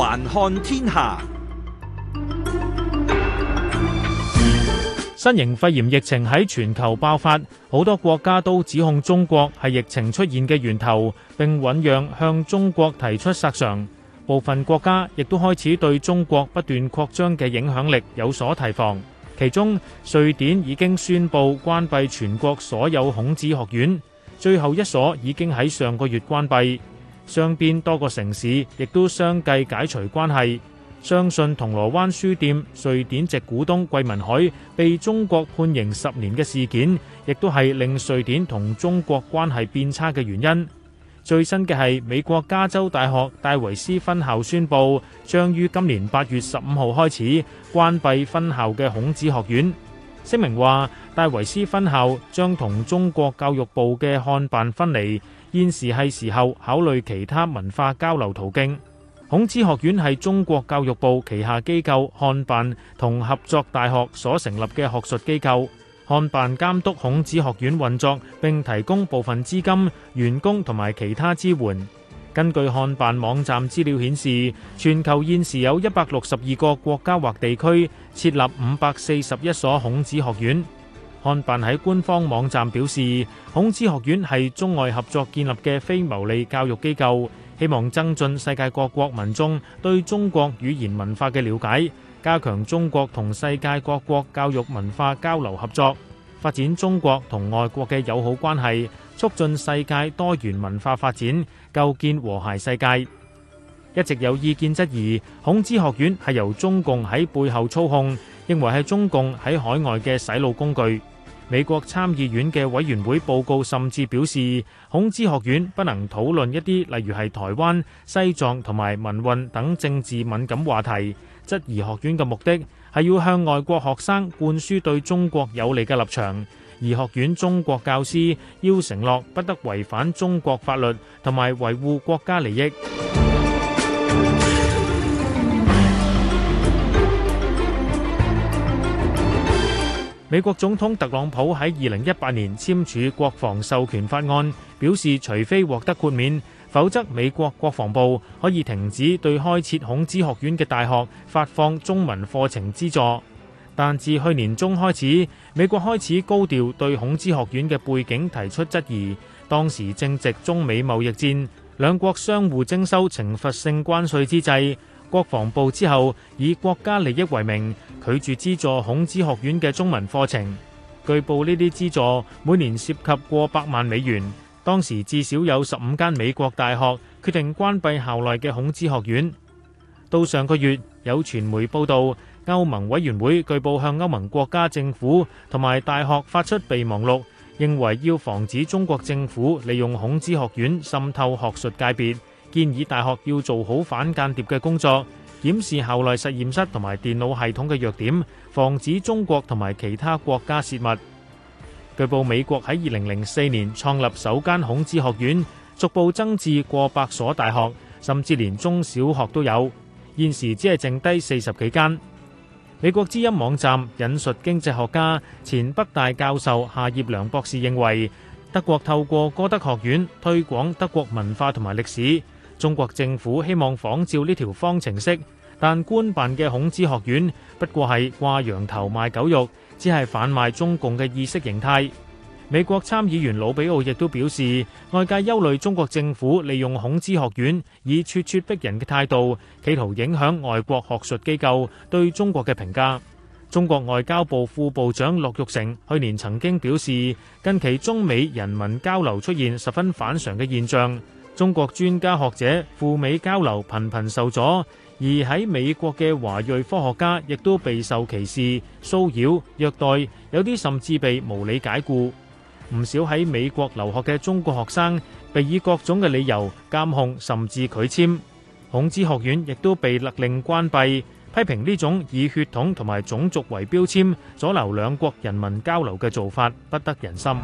環看天下，新型肺炎疫情喺全球爆發，好多國家都指控中國係疫情出現嘅源頭，並醞釀向中國提出索償。部分國家亦都開始對中國不斷擴張嘅影響力有所提防。其中，瑞典已經宣布關閉全國所有孔子學院，最後一所已經喺上個月關閉。雙邊多個城市亦都相繼解除關係，相信銅鑼灣書店瑞典籍股東桂文海被中國判刑十年嘅事件，亦都係令瑞典同中國關係變差嘅原因。最新嘅係美國加州大學戴維斯分校宣布，將於今年八月十五號開始關閉分校嘅孔子學院。聲明話戴維斯分校將同中國教育部嘅漢辦分離。現時係時候考慮其他文化交流途徑。孔子學院係中國教育部旗下機構漢辦同合作大學所成立嘅學術機構，漢辦監督孔子學院運作，並提供部分資金、員工同埋其他支援。根據漢辦網站資料顯示，全球現時有一百六十二個國家或地區設立五百四十一所孔子學院。漢辦喺官方網站表示，孔子學院係中外合作建立嘅非牟利教育機構，希望增進世界各國民眾對中國語言文化嘅了解，加強中國同世界各國教育文化交流合作，發展中國同外國嘅友好關係，促進世界多元文化發展，構建和諧世界。一直有意見質疑，孔子學院係由中共喺背後操控。認為係中共喺海外嘅洗腦工具。美國參議院嘅委員會報告甚至表示，孔子學院不能討論一啲例如係台灣、西藏同埋民運等政治敏感話題。質疑學院嘅目的係要向外國學生灌輸對中國有利嘅立場，而學院中國教師要承諾不得違反中國法律同埋維護國家利益。美國總統特朗普喺二零一八年簽署國防授權法案，表示除非獲得豁免，否則美國國防部可以停止對開設孔子學院嘅大學發放中文課程資助。但自去年中開始，美國開始高調對孔子學院嘅背景提出質疑，當時正值中美貿易戰，兩國相互徵收懲罰性關稅之際，國防部之後以國家利益為名。拒絕資助孔子學院嘅中文課程。據報呢啲資助每年涉及過百萬美元。當時至少有十五間美國大學決定關閉校內嘅孔子學院。到上個月，有傳媒報道，歐盟委員會據報向歐盟國家政府同埋大學發出備忘錄，認為要防止中國政府利用孔子學院滲透學術界別，建議大學要做好反間諜嘅工作。檢視校內實驗室同埋電腦系統嘅弱點，防止中國同埋其他國家洩密。據報，美國喺二零零四年創立首間孔子學院，逐步增至過百所大學，甚至連中小學都有。現時只係剩低四十幾間。美國之音網站引述經濟學家、前北大教授夏業良博士認為，德國透過哥德學院推廣德國文化同埋歷史。中國政府希望仿照呢條方程式，但官辦嘅孔子學院不過係掛羊頭賣狗肉，只係販賣中共嘅意識形態。美國參議員魯比奧亦都表示，外界憂慮中國政府利用孔子學院以咄咄逼人嘅態度，企圖影響外國學術機構對中國嘅評價。中國外交部副部長樂玉成去年曾經表示，近期中美人民交流出現十分反常嘅現象。中國專家學者赴美交流頻頻受阻，而喺美國嘅華裔科學家亦都備受歧視、騷擾、虐待，有啲甚至被無理解雇。唔少喺美國留學嘅中國學生被以各種嘅理由監控，甚至拒簽。孔子學院亦都被勒令關閉。批評呢種以血統同埋種族為標籤，阻留兩國人民交流嘅做法，不得人心。